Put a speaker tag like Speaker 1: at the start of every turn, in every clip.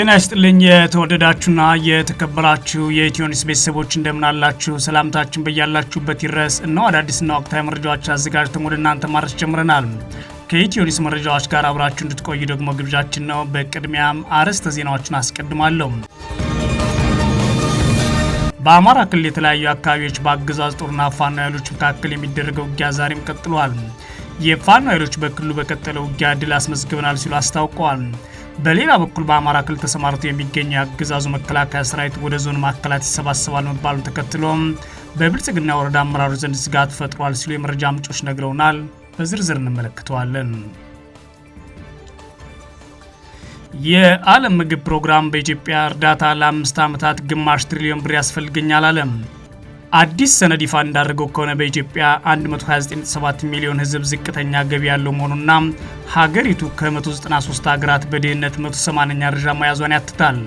Speaker 1: ጤና ይስጥልኝ የተወደዳችሁና የተከበራችሁ የኢትዮኒስ ቤተሰቦች እንደምናላችሁ ሰላምታችን በያላችሁበት ይድረስ። እነሆ አዳዲስና ወቅታዊ መረጃዎች አዘጋጅተን ወደ እናንተ ማድረስ ጀምረናል። ከኢትዮኒስ መረጃዎች ጋር አብራችሁ እንድትቆዩ ደግሞ ግብዣችን ነው። በቅድሚያም አርዕስተ ዜናዎችን አስቀድማለሁ። በአማራ ክልል የተለያዩ አካባቢዎች በአገዛዝ ጦርና ፋኖ ኃይሎች መካከል የሚደረገው ውጊያ ዛሬም ቀጥሏል። የፋኖ ኃይሎች በክልሉ በቀጠለው ውጊያ ድል አስመዝግበናል ሲሉ አስታውቀዋል። በሌላ በኩል በአማራ ክልል ተሰማርቶ የሚገኘው የአገዛዙ መከላከያ ሰራዊት ወደ ዞን ማዕከላት ይሰባሰባል መባሉን ተከትሎም በብልጽግና ወረዳ አመራሮች ዘንድ ስጋት ፈጥሯል ሲሉ የመረጃ ምንጮች ነግረውናል። በዝርዝር እንመለከተዋለን። የዓለም ምግብ ፕሮግራም በኢትዮጵያ እርዳታ ለአምስት ዓመታት ግማሽ ትሪሊዮን ብር ያስፈልገኛል አለም። አዲስ ሰነድ ይፋ እንዳደረገው ከሆነ በኢትዮጵያ 129.7 ሚሊዮን ህዝብ ዝቅተኛ ገቢ ያለው መሆኑና ሀገሪቱ ከ193 ሀገራት በድህነት 180ኛ ደረጃ መያዟን ያትታል።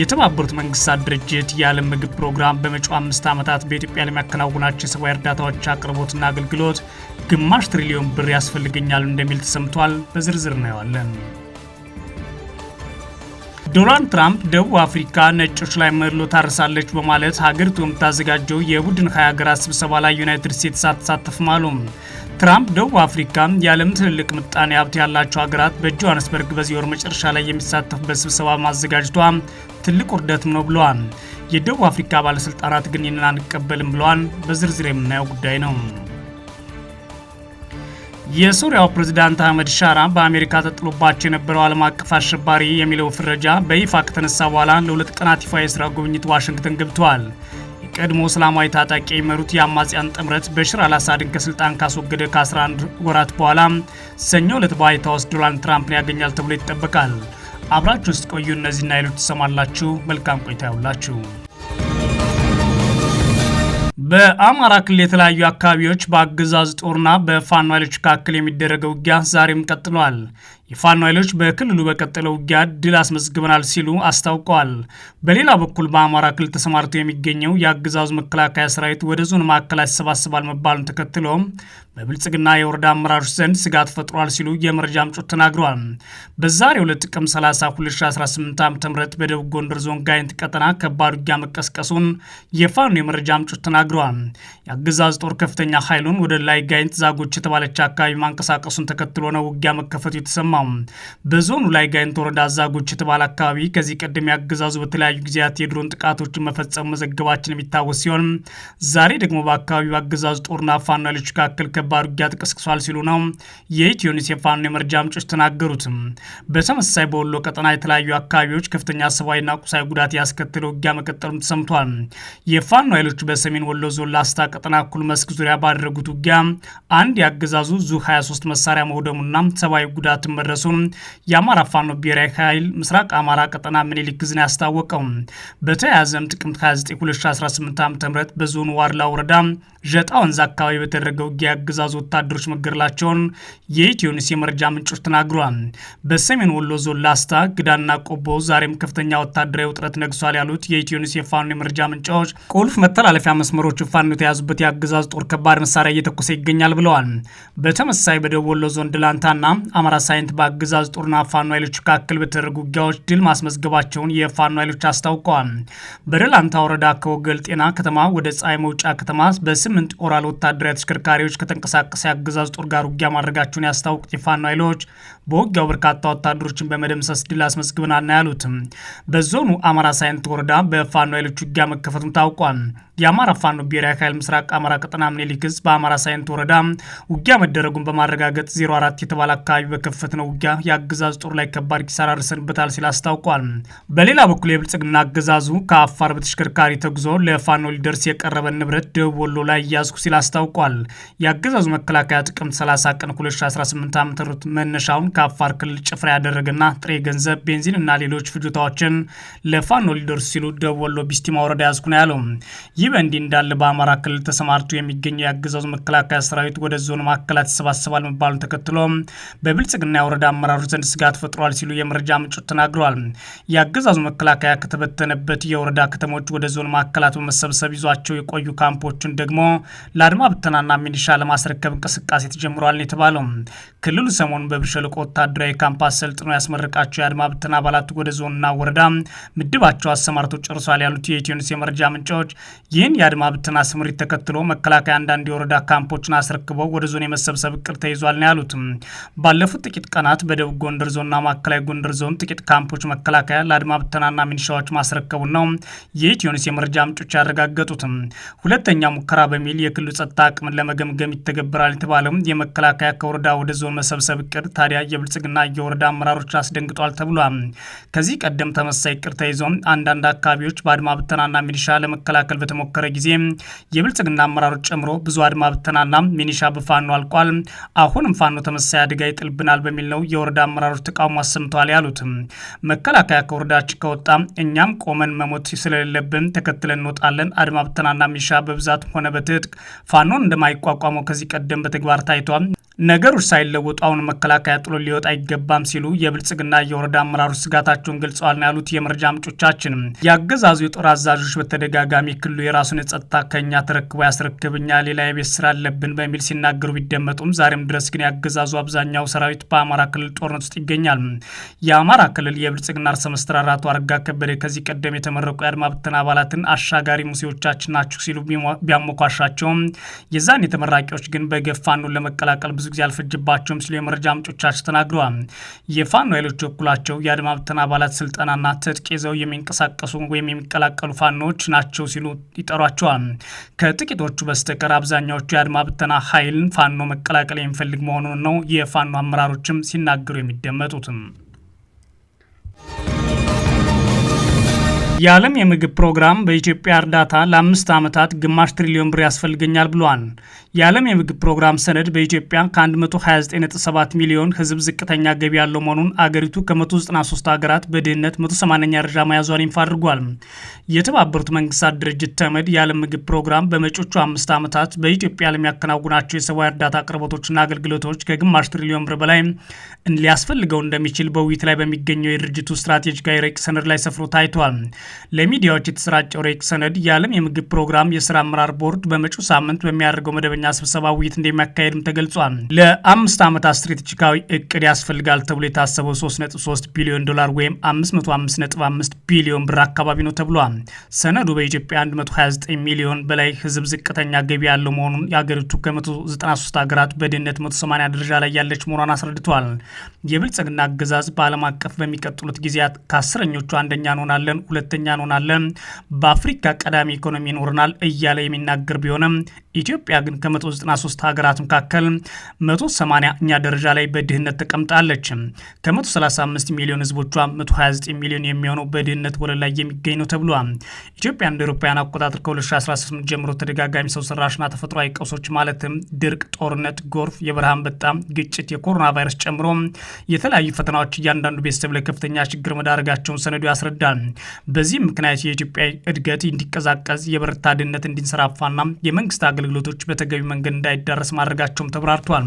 Speaker 1: የተባበሩት መንግስታት ድርጅት የዓለም ምግብ ፕሮግራም በመጪው አምስት ዓመታት በኢትዮጵያ ለሚያከናውናቸው የሰብአዊ እርዳታዎች አቅርቦትና አገልግሎት ግማሽ ትሪሊዮን ብር ያስፈልገኛል እንደሚል ተሰምቷል። በዝርዝር እናየዋለን። ዶናልድ ትራምፕ ደቡብ አፍሪካ ነጮች ላይ መድሎ ታርሳለች በማለት ሀገሪቱ የምታዘጋጀው የቡድን ሀያ ሀገራት ስብሰባ ላይ ዩናይትድ ስቴትስ አትሳተፍም አሉ። ትራምፕ ደቡብ አፍሪካ የዓለም ትልልቅ ምጣኔ ሀብት ያላቸው ሀገራት በጆሃንስበርግ በዚህ ወር መጨረሻ ላይ የሚሳተፉበት ስብሰባ ማዘጋጅቷ ትልቅ ውርደትም ነው ብለዋል። የደቡብ አፍሪካ ባለስልጣናት ግን ይህንን አንቀበልም ብለዋል። በዝርዝር የምናየው ጉዳይ ነው። የሱሪያው ፕሬዝዳንት አህመድ ሻራ በአሜሪካ ተጥሎባቸው የነበረው ዓለም አቀፍ አሸባሪ የሚለው ፍረጃ በይፋ ከተነሳ በኋላ ለሁለት ቀናት ይፋ የስራ ጉብኝት ዋሽንግተን ገብተዋል። የቀድሞ እስላማዊ ታጣቂ የሚመሩት የአማጽያን ጥምረት በሽር አላሳድን ከስልጣን ካስወገደ ከ11 ወራት በኋላ ሰኞ ዕለት በዋይት ሀውስ ዶናልድ ትራምፕን ያገኛል ተብሎ ይጠበቃል። አብራችሁ ውስጥ ቆዩ። እነዚህና ሌሎች ትሰማላችሁ። መልካም ቆይታ ያውላችሁ። በአማራ ክልል የተለያዩ አካባቢዎች በአገዛዝ ጦርና በፋኖ ኃይሎች መካከል የሚደረገው ውጊያ ዛሬም ቀጥሏል። የፋኖ ኃይሎች በክልሉ በቀጠለው ውጊያ ድል አስመዝግበናል ሲሉ አስታውቀዋል። በሌላ በኩል በአማራ ክልል ተሰማርቶ የሚገኘው የአገዛዙ መከላከያ ሰራዊት ወደ ዞን ማዕከላ ያሰባስባል መባሉን ተከትሎ በብልጽግና የወረዳ አመራሮች ዘንድ ስጋት ፈጥሯል ሲሉ የመረጃ ምንጮች ተናግረዋል። በዛሬው ዕለት ጥቅምት 30 2018 ዓ ም በደቡብ ጎንደር ዞን ጋይንት ቀጠና ከባድ ውጊያ መቀስቀሱን የፋኖ የመረጃ ምንጮች ተናግረዋል። የአግዛዝ ጦር ከፍተኛ ኃይሉን ወደ ላይ ጋይንት ዛጎች የተባለች አካባቢ ማንቀሳቀሱን ተከትሎ ነው ውጊያ መከፈቱ የተሰማው። ነው። በዞኑ ላይ ጋይንት ወረዳ አዛጎች የተባለ አካባቢ ከዚህ ቀደም ያገዛዙ በተለያዩ ጊዜያት የድሮን ጥቃቶችን መፈጸሙ መዘገባችን የሚታወስ ሲሆን ዛሬ ደግሞ በአካባቢው አገዛዙ ጦርና ፋኖ መካከል ከባድ ውጊያ ተቀስቅሷል ሲሉ ነው የኢትዮኒስ የፋኖ የመረጃ ምንጮች ተናገሩት። በተመሳሳይ በወሎ ቀጠና የተለያዩ አካባቢዎች ከፍተኛ ሰብአዊና ቁሳዊ ጉዳት ያስከተለ ውጊያ መቀጠሉም ተሰምቷል። የፋኖ ኃይሎች በሰሜን ወሎ ዞን ላስታ ቀጠና እኩል መስክ ዙሪያ ባደረጉት ውጊያ አንድ የአገዛዙ ዙ 23 መሳሪያ መውደሙና ሰብአዊ ጉዳትን መረ መድረሱም የአማራ ፋኖ ብሔራዊ ኃይል ምስራቅ አማራ ቀጠና ምኒልክ ግዝን ያስታወቀው። በተያያዘም ጥቅምት 29 2018 ዓ ም በዞኑ ዋድላ ወረዳ ዠጣ ወንዝ አካባቢ በተደረገ ውጊያ አገዛዙ ወታደሮች መገደላቸውን የኢትዮኒስ የመረጃ ምንጮች ተናግረዋል። በሰሜን ወሎ ዞን ላስታ ግዳና ቆቦ ዛሬም ከፍተኛ ወታደራዊ ውጥረት ነግሷል ያሉት የኢትዮኒስ የፋኖ የመረጃ ምንጫዎች ቁልፍ መተላለፊያ መስመሮቹ ፋኖ የተያዙበት የአገዛዝ ጦር ከባድ መሳሪያ እየተኮሰ ይገኛል ብለዋል። በተመሳሳይ በደቡብ ወሎ ዞን ድላንታና አማራ ሳይንት በአገዛዝ ጦርና ፋኖ ኃይሎች መካከል በተደረጉ ውጊያዎች ድል ማስመዝገባቸውን የፋኖ ኃይሎች አስታውቀዋል። በደላንታ ወረዳ ከወገል ጤና ከተማ ወደ ፀሐይ መውጫ ከተማ በስምንት ኦራል ወታደራዊ ተሽከርካሪዎች ከተንቀሳቀሰ የአገዛዝ ጦር ጋር ውጊያ ማድረጋቸውን ያስታወቁት የፋኖ ኃይሎች በውጊያው በርካታ ወታደሮችን በመደምሰስ ድል አስመዝግበናል ነው ያሉትም። በዞኑ አማራ ሳይንት ወረዳ በፋኖ ኃይሎች ውጊያ መከፈቱም ታውቋል። የአማራ ፋኖ ብሔራዊ ኃይል ምስራቅ አማራ ቀጠና ምኒልክ ዕዝ በአማራ ሳይንት ወረዳ ውጊያ መደረጉን በማረጋገጥ 04 የተባለ አካባቢ በከፈት ነው በተደጋጋሚ ውጊያ የአገዛዙ ጦር ላይ ከባድ ኪሳራ ደርሰንበታል ሲል አስታውቋል። በሌላ በኩል የብልጽግና አገዛዙ ከአፋር በተሽከርካሪ ተጉዞ ለፋኖ ሊደርስ የቀረበ ንብረት ደቡብ ወሎ ላይ እያዝኩ ሲል አስታውቋል። የአገዛዙ መከላከያ ጥቅምት 30 ቀን 2018 ዓ ም መነሻውን ከአፋር ክልል ጭፍራ ያደረገና ጥሬ ገንዘብ፣ ቤንዚን እና ሌሎች ፍጆታዎችን ለፋኖ ሊደርስ ሲሉ ደቡብ ወሎ ቢስቲማ ወረዳ ያዝኩ ነው ያለው። ይህ በእንዲህ እንዳለ በአማራ ክልል ተሰማርቶ የሚገኘው የአገዛዙ መከላከያ ሰራዊት ወደ ዞን ማዕከላት ይሰባሰባል መባሉን ተከትሎ በብልጽግና ወረዳ አመራሮች ዘንድ ስጋት ፈጥሯል ሲሉ የመረጃ ምንጮች ተናግረዋል። የአገዛዙ መከላከያ ከተበተነበት የወረዳ ከተሞች ወደ ዞን ማዕከላት በመሰብሰብ ይዟቸው የቆዩ ካምፖችን ደግሞ ለአድማ ብተናና ሚኒሻ ለማስረከብ እንቅስቃሴ ተጀምሯል የተባለው ክልሉ ሰሞኑን በብር ሸለቆ ወታደራዊ ካምፕ አሰልጥኖ ያስመረቃቸው የአድማ ብተና አባላት ወደ ዞንና ወረዳ ምድባቸው አሰማርቶ ጨርሷል ያሉት የኢትዮኒስ የመረጃ ምንጮች ይህን የአድማ ብተና ስምሪት ተከትሎ መከላከያ አንዳንድ የወረዳ ካምፖችን አስረክበው ወደ ዞን የመሰብሰብ እቅድ ተይዟል ነው ያሉት። ባለፉት ጥቂት ቀ ቀናት በደቡብ ጎንደር ዞንና ማዕከላዊ ጎንደር ዞን ጥቂት ካምፖች መከላከያ ለአድማ ብተናና ሚኒሻዎች ማስረከቡን ነው የኢትዮኒስ የመረጃ ምንጮች ያረጋገጡትም። ሁለተኛ ሙከራ በሚል የክልሉ ጸጥታ አቅምን ለመገምገም ይተገበራል የተባለው የመከላከያ ከወረዳ ወደ ዞን መሰብሰብ እቅድ ታዲያ የብልጽግና የወረዳ አመራሮች አስደንግጧል ተብሏል። ከዚህ ቀደም ተመሳሳይ እቅድ ተይዞ አንዳንድ አካባቢዎች በአድማ ብተናና ሚኒሻ ለመከላከል በተሞከረ ጊዜ የብልጽግና አመራሮች ጨምሮ ብዙ አድማ ብተናና ሚኒሻ በፋኖ አልቋል። አሁንም ፋኖ ተመሳሳይ አደጋ ይጥልብናል በሚል የሌለው የወረዳ አመራሮች ተቃውሞ አሰምተዋል ያሉትም መከላከያ ከወረዳችን ከወጣ እኛም ቆመን መሞት ስለሌለብን ተከትለን እንወጣለን። አድማ ብተናና ሚሻ በብዛት ሆነ በትጥቅ ፋኖን እንደማይቋቋመው ከዚህ ቀደም በተግባር ታይቷል። ነገሮች ሳይለወጡ አሁን መከላከያ ጥሎ ሊወጣ አይገባም ሲሉ የብልጽግና የወረዳ አመራሮች ስጋታቸውን ገልጸዋል ነው ያሉት የመረጃ ምንጮቻችን የአገዛዙ የጦር አዛዦች በተደጋጋሚ ክልሉ የራሱን የጸጥታ ከኛ ተረክቦ ያስረክብኛ ሌላ የቤት ስራ አለብን በሚል ሲናገሩ ቢደመጡም ዛሬም ድረስ ግን ያገዛዙ አብዛኛው ሰራዊት በአማራ ክልል ጦርነት ውስጥ ይገኛል። የአማራ ክልል የብልጽግና ርዕሰ መስተዳድር አቶ አረጋ ከበደ ከዚህ ቀደም የተመረቁ የአድማ ብተና አባላትን አሻጋሪ ሙሴዎቻችን ናችሁ ሲሉ ቢያሞኳሻቸውም የዛን የተመራቂዎች ግን በገፋኑ ለመቀላቀል ብዙ ጊዜ አልፈጀባቸውም ሲሉ የመረጃ ምንጮቻችን ተናግረዋል። የፋኖ ኃይሎች በኩላቸው የአድማ ብተና አባላት ስልጠናና ትጥቅ ይዘው የሚንቀሳቀሱ ወይም የሚቀላቀሉ ፋኖዎች ናቸው ሲሉ ይጠሯቸዋል። ከጥቂቶቹ በስተቀር አብዛኛዎቹ የአድማ ብተና ኃይልን ፋኖ መቀላቀል የሚፈልግ መሆኑን ነው የፋኖ አመራሮችም ሲናገሩ የሚደመጡትም። የዓለም የምግብ ፕሮግራም በኢትዮጵያ እርዳታ ለአምስት ዓመታት ግማሽ ትሪሊዮን ብር ያስፈልገኛል ብሏል። የዓለም የምግብ ፕሮግራም ሰነድ በኢትዮጵያ ከ129.7 ሚሊዮን ህዝብ ዝቅተኛ ገቢ ያለው መሆኑን አገሪቱ ከ193 ሀገራት በድህነት 180ኛ ደረጃ መያዟን ይፋ አድርጓል። የተባበሩት መንግስታት ድርጅት ተመድ የዓለም ምግብ ፕሮግራም በመጪዎቹ አምስት ዓመታት በኢትዮጵያ ለሚያከናውናቸው የሰብአዊ እርዳታ አቅርቦቶችና አገልግሎቶች ከግማሽ ትሪሊዮን ብር በላይ ሊያስፈልገው እንደሚችል በውይይት ላይ በሚገኘው የድርጅቱ ስትራቴጂካዊ ረቂቅ ሰነድ ላይ ሰፍሮ ታይቷል። ለሚዲያዎች የተሰራጨው ረቂቅ ሰነድ የዓለም የምግብ ፕሮግራም የስራ አመራር ቦርድ በመጪው ሳምንት በሚያደርገው መደበኛ መደበኛ ስብሰባ ውይይት እንደሚያካሄድም ተገልጿል። ለአምስት ዓመታት ስትራቴጂካዊ እቅድ ያስፈልጋል ተብሎ የታሰበው 3.3 ቢሊዮን ዶላር ወይም 555 ቢሊዮን ብር አካባቢ ነው ተብሏል። ሰነዱ በኢትዮጵያ 129 ሚሊዮን በላይ ህዝብ ዝቅተኛ ገቢ ያለው መሆኑን የአገሪቱ ከ193 ሀገራት በድህነት 180 ደረጃ ላይ ያለች መሆኗን አስረድቷል። የብልጽግና አገዛዝ በዓለም አቀፍ በሚቀጥሉት ጊዜያት ከአስረኞቹ አንደኛ እንሆናለን፣ ሁለተኛ እንሆናለን፣ በአፍሪካ ቀዳሚ ኢኮኖሚ ይኖረናል እያለ የሚናገር ቢሆንም ኢትዮጵያ ግን ከ193 ሀገራት መካከል 180ኛ ደረጃ ላይ በድህነት ተቀምጣለች። ከ135 ሚሊዮን ህዝቦቿ 129 ሚሊዮን የሚሆነው በድህነት ወለል ላይ የሚገኝ ነው ተብሏል። ኢትዮጵያ እንደ አውሮፓውያን አቆጣጠር ከ2018 ጀምሮ ተደጋጋሚ ሰው ሰራሽና ተፈጥሯዊ ቀውሶች ማለትም ድርቅ፣ ጦርነት፣ ጎርፍ፣ የበረሃ አንበጣ፣ ግጭት፣ የኮሮና ቫይረስ ጨምሮ የተለያዩ ፈተናዎች እያንዳንዱ ቤተሰብ ላይ ከፍተኛ ችግር መዳረጋቸውን ሰነዱ ያስረዳል። በዚህም ምክንያት የኢትዮጵያ እድገት እንዲቀዛቀዝ፣ የበረታ ድህነት እንዲንሰራፋና የመንግስት አገልግሎቶች በተገቢ መንገድ እንዳይዳረስ ማድረጋቸውም ተብራርቷል።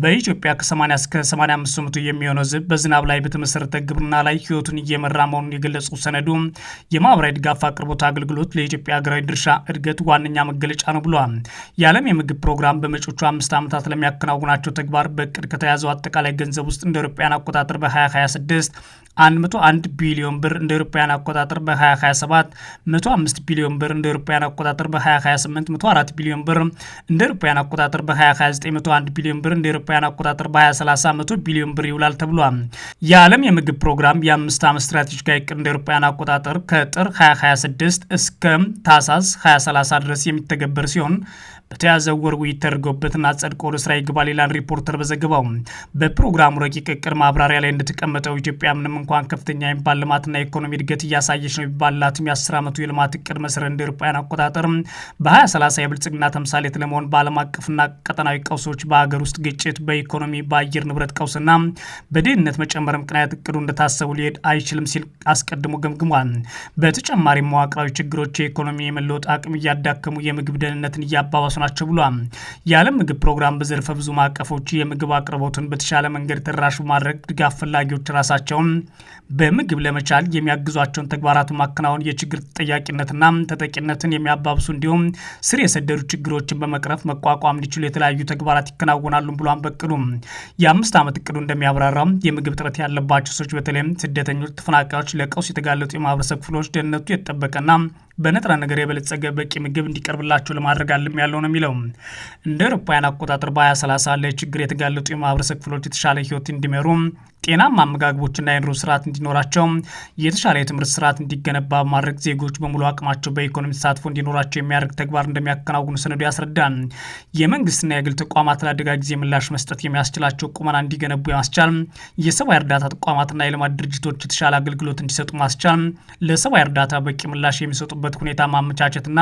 Speaker 1: በኢትዮጵያ ከ80 እስከ 85 በመቶ የሚሆነው ሕዝብ በዝናብ ላይ በተመሰረተ ግብርና ላይ ህይወቱን እየመራ መሆኑን የገለጹ ሰነዱ የማህበራዊ ድጋፍ አቅርቦት አገልግሎት ለኢትዮጵያ ሀገራዊ ድርሻ እድገት ዋነኛ መገለጫ ነው ብሏል። የዓለም የምግብ ፕሮግራም በመጪዎቹ አምስት ዓመታት ለሚያከናውናቸው ተግባር በእቅድ ከተያዘው አጠቃላይ ገንዘብ ውስጥ እንደ አውሮፓውያን አቆጣጠር በ2026 101 ቢሊዮን ብር እንደ ኤሮፓውያን አቆጣጠር በ2027 105 ቢሊዮን ብር እንደ ኤሮፓውያን አቆጣጠር በ2028 104 ቢሊዮን ብር እንደ ኤሮፓውያን አቆጣጠር በ2029 101 ቢሊዮን ብር እንደ ኤሮፓውያን አቆጣጠር በ2030 100 ቢሊዮን ብር ይውላል ተብሏል። የዓለም የምግብ ፕሮግራም የአምስት ዓመት ስትራቴጂካዊ እቅድ እንደ ኤሮፓውያን አቆጣጠር ከጥር 2026 እስከ ታህሳስ 2030 ድረስ የሚተገበር ሲሆን በተያዘ ወር ውይይት ተደርገውበትና ጸድቆ ወደ ስራ ይገባል ይላል ሪፖርተር በዘገባው። በፕሮግራሙ ረቂቅ እቅድ ማብራሪያ ላይ እንደተቀመጠው ኢትዮጵያ ምንም እንኳን ከፍተኛ የሚባል ልማትና የኢኮኖሚ እድገት እያሳየች ነው የሚባላትም የአስር ዓመቱ የልማት እቅድ መሰረት እንደ አውሮፓውያን አቆጣጠር በ2030 የብልጽግና ተምሳሌት ለመሆን በዓለም አቀፍና ቀጠናዊ ቀውሶች፣ በሀገር ውስጥ ግጭት፣ በኢኮኖሚ በአየር ንብረት ቀውስና በድህነት መጨመር ምክንያት እቅዱ እንደታሰቡ ሊሄድ አይችልም ሲል አስቀድሞ ገምግሟል። በተጨማሪ መዋቅራዊ ችግሮች የኢኮኖሚ የመለወጥ አቅም እያዳከሙ የምግብ ደህንነትን እያባባሱ ናቸው ብሏል። የዓለም ምግብ ፕሮግራም በዘርፈ ብዙ ማዕቀፎች የምግብ አቅርቦትን በተሻለ መንገድ ተደራሽ ማድረግ ድጋፍ ፈላጊዎች ራሳቸውን በምግብ ለመቻል የሚያግዟቸውን ተግባራት ማከናወን የችግር ተጠያቂነትና ተጠቂነትን የሚያባብሱ እንዲሁም ስር የሰደዱ ችግሮችን በመቅረፍ መቋቋም እንዲችሉ የተለያዩ ተግባራት ይከናወናሉ ብሎ አንበቅሉ የአምስት ዓመት እቅዱ እንደሚያብራራው የምግብ እጥረት ያለባቸው ሰዎች በተለይም ስደተኞች፣ ተፈናቃዮች፣ ለቀውስ የተጋለጡ የማህበረሰብ ክፍሎች ደህንነቱ የተጠበቀና በንጥረ ነገር የበለጸገ በቂ ምግብ እንዲቀርብላቸው ለማድረግ አልም ያለው ነው የሚለው። እንደ አውሮፓውያን አቆጣጠር በ2030 ለችግር የተጋለጡ የማህበረሰብ ክፍሎች የተሻለ ህይወት እንዲመሩ ጤናማ አመጋግቦችና የኑሮ ስርዓት እንዲኖራቸው የተሻለ የትምህርት ስርዓት እንዲገነባ በማድረግ ዜጎች በሙሉ አቅማቸው በኢኮኖሚ ተሳትፎ እንዲኖራቸው የሚያደርግ ተግባር እንደሚያከናውኑ ሰነዱ ያስረዳል። የመንግስትና የግል ተቋማት ለአደጋ ጊዜ ምላሽ መስጠት የሚያስችላቸው ቁመና እንዲገነቡ ማስቻል፣ የሰብአዊ እርዳታ ተቋማትና የልማት ድርጅቶች የተሻለ አገልግሎት እንዲሰጡ ማስቻል፣ ለሰብአዊ እርዳታ በቂ ምላሽ የሚሰጡበት የሚሰሩበት ሁኔታ ማመቻቸትና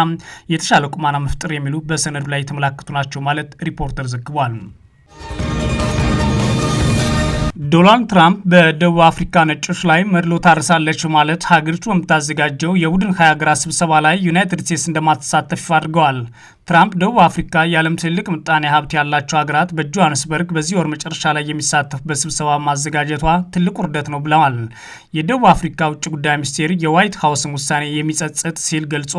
Speaker 1: የተሻለ ቁማና መፍጠር የሚሉ በሰነዱ ላይ የተመላከቱ ናቸው ማለት ሪፖርተር ዘግቧል። ዶናልድ ትራምፕ በደቡብ አፍሪካ ነጮች ላይ መድሎ ታርሳለች ማለት ሀገሪቱ በምታዘጋጀው የቡድን ሀያ ሀገራት ስብሰባ ላይ ዩናይትድ ስቴትስ እንደማትሳተፍ አድርገዋል። ትራምፕ ደቡብ አፍሪካ የዓለም ትልቅ ምጣኔ ሀብት ያላቸው ሀገራት በጆሃንስበርግ በዚህ ወር መጨረሻ ላይ የሚሳተፉበት ስብሰባ ማዘጋጀቷ ትልቅ ውርደት ነው ብለዋል። የደቡብ አፍሪካ ውጭ ጉዳይ ሚኒስቴር የዋይት ሀውስን ውሳኔ የሚጸጽት ሲል ገልጾ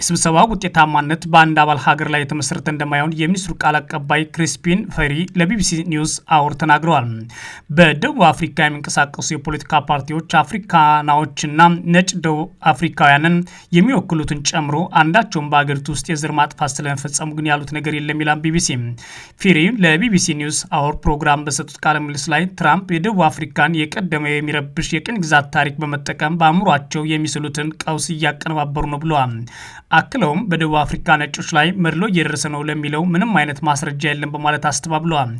Speaker 1: የስብሰባው ውጤታማነት በአንድ አባል ሀገር ላይ የተመሰረተ እንደማይሆን የሚኒስትሩ ቃል አቀባይ ክሪስፒን ፈሪ ለቢቢሲ ኒውስ አውር ተናግረዋል። በደቡብ አፍሪካ የሚንቀሳቀሱ የፖለቲካ ፓርቲዎች አፍሪካናዎችና ነጭ ደቡብ አፍሪካውያንን የሚወክሉትን ጨምሮ አንዳቸውም በሀገሪቱ ውስጥ የዘር ማጥፋት ጥቃት ስለመፈጸሙ ግን ያሉት ነገር የለም ይላል ቢቢሲ። ፊሪ ለቢቢሲ ኒውስ አወር ፕሮግራም በሰጡት ቃለ ምልልስ ላይ ትራምፕ የደቡብ አፍሪካን የቀደመ የሚረብሽ የቅኝ ግዛት ታሪክ በመጠቀም በአእምሯቸው የሚስሉትን ቀውስ እያቀነባበሩ ነው ብለዋል። አክለውም በደቡብ አፍሪካ ነጮች ላይ መድሎ እየደረሰ ነው ለሚለው ምንም አይነት ማስረጃ የለም በማለት አስተባብለዋል።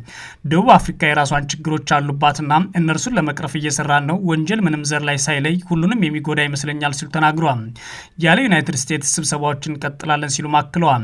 Speaker 1: ደቡብ አፍሪካ የራሷን ችግሮች አሉባትና እነርሱን ለመቅረፍ እየሰራ ነው። ወንጀል ምንም ዘር ላይ ሳይለይ ሁሉንም የሚጎዳ ይመስለኛል ሲሉ ተናግሯል። ያለ ዩናይትድ ስቴትስ ስብሰባዎችን እንቀጥላለን ሲሉ አክለዋል።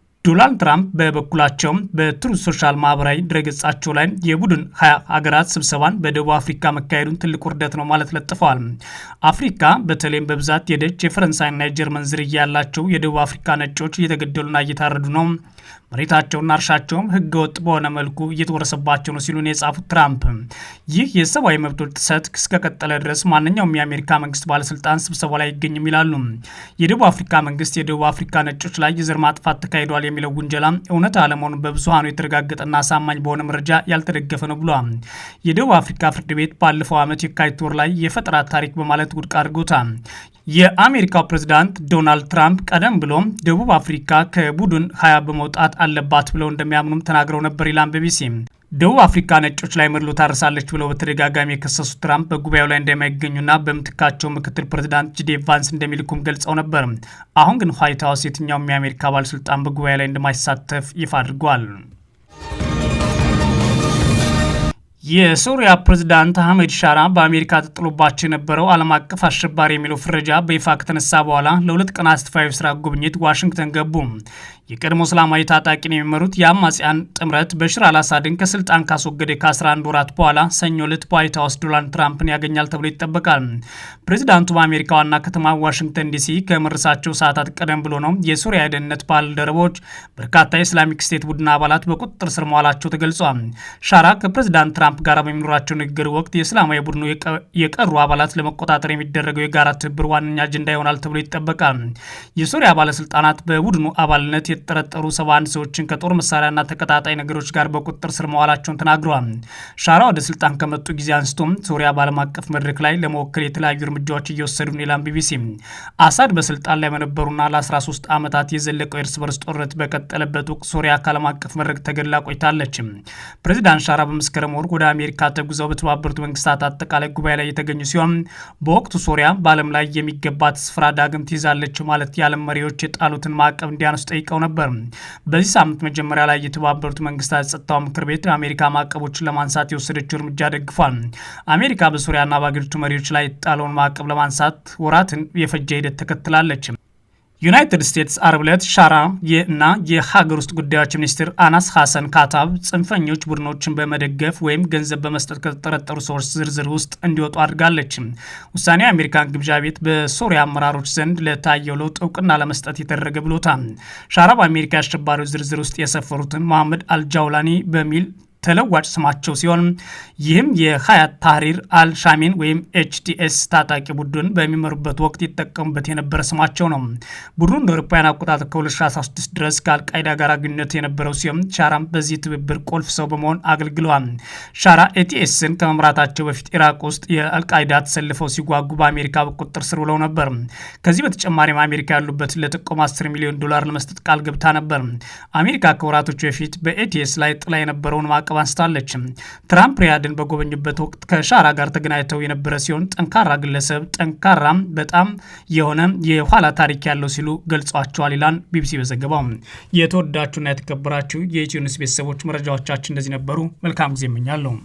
Speaker 1: ዶናልድ ትራምፕ በበኩላቸው በትሩዝ ሶሻል ማህበራዊ ድረገጻቸው ላይ የቡድን ሀያ ሀገራት ስብሰባን በደቡብ አፍሪካ መካሄዱን ትልቅ ውርደት ነው ማለት ለጥፈዋል። አፍሪካ በተለይም በብዛት የደች የፈረንሳይና የጀርመን ዝርያ ያላቸው የደቡብ አፍሪካ ነጮች እየተገደሉና እየታረዱ ነው፣ መሬታቸውና እርሻቸውም ህገወጥ በሆነ መልኩ እየተወረሰባቸው ነው ሲሉን የጻፉት ትራምፕ ይህ የሰብአዊ መብቶች ጥሰት እስከቀጠለ ድረስ ማንኛውም የአሜሪካ መንግስት ባለስልጣን ስብሰባ ላይ አይገኝም ይላሉ። የደቡብ አፍሪካ መንግስት የደቡብ አፍሪካ ነጮች ላይ የዘር ማጥፋት ተካሂዷል የሚለው ውንጀላ እውነት አለመሆኑ በብዙሀኑ የተረጋገጠና አሳማኝ በሆነ መረጃ ያልተደገፈ ነው ብሏል። የደቡብ አፍሪካ ፍርድ ቤት ባለፈው ዓመት የካቲት ወር ላይ የፈጠራ ታሪክ በማለት ውድቅ አድርጎታል። የአሜሪካው ፕሬዝዳንት ዶናልድ ትራምፕ ቀደም ብሎም ደቡብ አፍሪካ ከቡድን ሀያ በመውጣት አለባት ብለው እንደሚያምኑም ተናግረው ነበር ይላል ቢቢሲ። ደቡብ አፍሪካ ነጮች ላይ መድሎ ታርሳለች ብለው በተደጋጋሚ የከሰሱት ትራምፕ በጉባኤው ላይ እንደማይገኙና በምትካቸው ምክትል ፕሬዚዳንት ጄዲ ቫንስ እንደሚልኩም ገልጸው ነበር። አሁን ግን ኋይት ሀውስ የትኛውም የአሜሪካ ባለስልጣን በጉባኤ ላይ እንደማይሳተፍ ይፋ አድርጓል። የሶሪያ ፕሬዝዳንት አህመድ ሻራ በአሜሪካ ተጥሎባቸው የነበረው ዓለም አቀፍ አሸባሪ የሚለው ፍረጃ በይፋ ከተነሳ በኋላ ለሁለት ቀናት አስተፋዊ ስራ ጉብኝት ዋሽንግተን ገቡ። የቀድሞ እስላማዊ ታጣቂን የሚመሩት የአማጽያን ጥምረት በሽር አላሳድን ከስልጣን ካስወገደ ከ11 ወራት በኋላ ሰኞ ዕለት በዋይት ሀውስ ዶናልድ ትራምፕን ያገኛል ተብሎ ይጠበቃል። ፕሬዚዳንቱ በአሜሪካ ዋና ከተማ ዋሽንግተን ዲሲ ከመርሳቸው ሰዓታት ቀደም ብሎ ነው የሱሪያ የደህንነት ባልደረቦች በርካታ የእስላሚክ ስቴት ቡድን አባላት በቁጥጥር ስር መዋላቸው ተገልጿል። ሻራ ከፕሬዚዳንት ትራምፕ ትራምፕ ጋር በሚኖራቸው ንግግር ወቅት የእስላማዊ ቡድኑ የቀሩ አባላት ለመቆጣጠር የሚደረገው የጋራ ትብብር ዋነኛ አጀንዳ ይሆናል ተብሎ ይጠበቃል። የሶሪያ ባለስልጣናት በቡድኑ አባልነት የተጠረጠሩ ሰባ ሰዎችን ከጦር መሳሪያና ተቀጣጣይ ነገሮች ጋር በቁጥጥር ስር መዋላቸውን ተናግረዋል። ሻራ ወደ ስልጣን ከመጡ ጊዜ አንስቶም ሶሪያ በዓለም አቀፍ መድረክ ላይ ለመወከል የተለያዩ እርምጃዎች እየወሰዱ ነው ይላል ቢቢሲ። አሳድ በስልጣን ላይ በነበሩና ለ13 ዓመታት የዘለቀው የእርስ በርስ ጦርነት በቀጠለበት ወቅት ሶሪያ ከዓለም አቀፍ መድረክ ተገላ ቆይታለች። ፕሬዚዳንት ሻራ በመስከረም ወር ወደ አሜሪካ ተጉዘው በተባበሩት መንግስታት አጠቃላይ ጉባኤ ላይ የተገኙ ሲሆን በወቅቱ ሶሪያ በዓለም ላይ የሚገባት ስፍራ ዳግም ትይዛለች ማለት የዓለም መሪዎች የጣሉትን ማዕቀብ እንዲያነሱ ጠይቀው ነበር። በዚህ ሳምንት መጀመሪያ ላይ የተባበሩት መንግስታት የጸጥታው ምክር ቤት አሜሪካ ማዕቀቦችን ለማንሳት የወሰደችው እርምጃ ደግፏል። አሜሪካ በሶሪያና በአገሪቱ መሪዎች ላይ የጣለውን ማዕቀብ ለማንሳት ወራትን የፈጀ ሂደት ተከትላለች። ዩናይትድ ስቴትስ አርብ ዕለት ሻራ እና የሀገር ውስጥ ጉዳዮች ሚኒስትር አናስ ሐሰን ካታብ ጽንፈኞች ቡድኖችን በመደገፍ ወይም ገንዘብ በመስጠት ከተጠረጠሩ ሰዎች ዝርዝር ውስጥ እንዲወጡ አድርጋለች። ውሳኔ የአሜሪካን ግብዣ ቤት በሶሪያ አመራሮች ዘንድ ለታየው ለውጥ እውቅና ለመስጠት የተደረገ ብሎታ ሻራ በአሜሪካ አሸባሪዎች ዝርዝር ውስጥ የሰፈሩትን መሐመድ አልጃውላኒ በሚል ተለዋጭ ስማቸው ሲሆን ይህም የሀያት ታህሪር አልሻሚን ወይም ኤችዲኤስ ታጣቂ ቡድን በሚመሩበት ወቅት ይጠቀሙበት የነበረ ስማቸው ነው። ቡድኑ እንደ አውሮፓውያን አቆጣጠር ከ2016 ድረስ ከአልቃይዳ ጋር ግንኙነት የነበረው ሲሆን ሻራም በዚህ ትብብር ቁልፍ ሰው በመሆን አገልግለዋል። ሻራ ኤቲኤስን ከመምራታቸው በፊት ኢራቅ ውስጥ የአልቃይዳ ተሰልፈው ሲጓጉ በአሜሪካ በቁጥጥር ስር ውለው ነበር። ከዚህ በተጨማሪም አሜሪካ ያሉበት ለጥቆም 10 ሚሊዮን ዶላር ለመስጠት ቃል ገብታ ነበር። አሜሪካ ከወራቶች በፊት በኤቲኤስ ላይ ጥላ የነበረውን ማቀ ማዕቀብ አንስታለች። ትራምፕ ሪያድን በጎበኙበት ወቅት ከሻራ ጋር ተገናኝተው የነበረ ሲሆን ጠንካራ ግለሰብ፣ ጠንካራ በጣም የሆነ የኋላ ታሪክ ያለው ሲሉ ገልጿቸዋል ይላል ቢቢሲ በዘገባው። የተወደዳችሁና የተከበራችሁ የኢትዮኒውስ ቤተሰቦች መረጃዎቻችን እንደዚህ ነበሩ። መልካም ጊዜ እመኛለሁ።